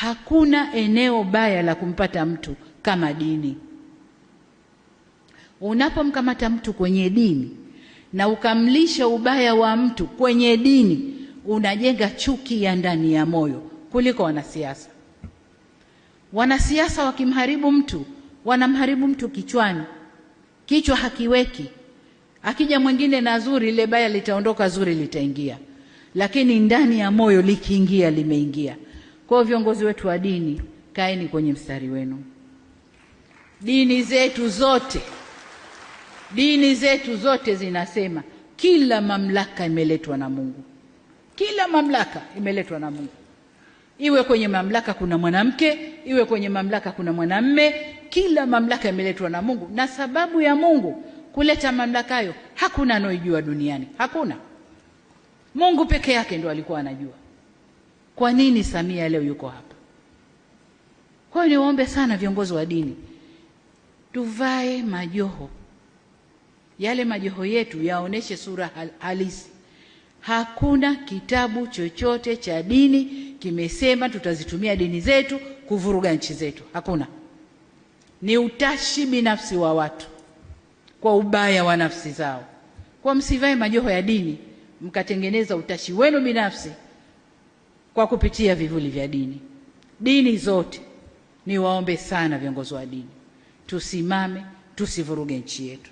Hakuna eneo baya la kumpata mtu kama dini. Unapomkamata mtu kwenye dini na ukamlisha ubaya wa mtu kwenye dini, unajenga chuki ya ndani ya moyo kuliko wanasiasa. Wanasiasa wakimharibu mtu, wanamharibu mtu kichwani, kichwa hakiweki. Akija mwingine na zuri, ile baya litaondoka, zuri litaingia, lakini ndani ya moyo likiingia, limeingia. Kwa hiyo viongozi wetu wa dini, kaeni kwenye mstari wenu. Dini zetu zote, dini zetu zote zinasema kila mamlaka imeletwa na Mungu, kila mamlaka imeletwa na Mungu. Iwe kwenye mamlaka kuna mwanamke, iwe kwenye mamlaka kuna mwanamme, kila mamlaka imeletwa na Mungu, na sababu ya Mungu kuleta mamlaka hayo hakuna anaijua duniani, hakuna. Mungu peke yake ndo alikuwa anajua. Kwa nini Samia leo yuko hapa? Kwa hiyo niwaombe sana viongozi wa dini tuvae majoho yale, majoho yetu yaoneshe sura hal halisi. Hakuna kitabu chochote cha dini kimesema tutazitumia dini zetu kuvuruga nchi zetu, hakuna. Ni utashi binafsi wa watu kwa ubaya wa nafsi zao. Kwa msivae majoho ya dini mkatengeneza utashi wenu binafsi kwa kupitia vivuli vya dini. Dini zote ni waombe sana viongozi wa dini, tusimame tusivuruge nchi yetu.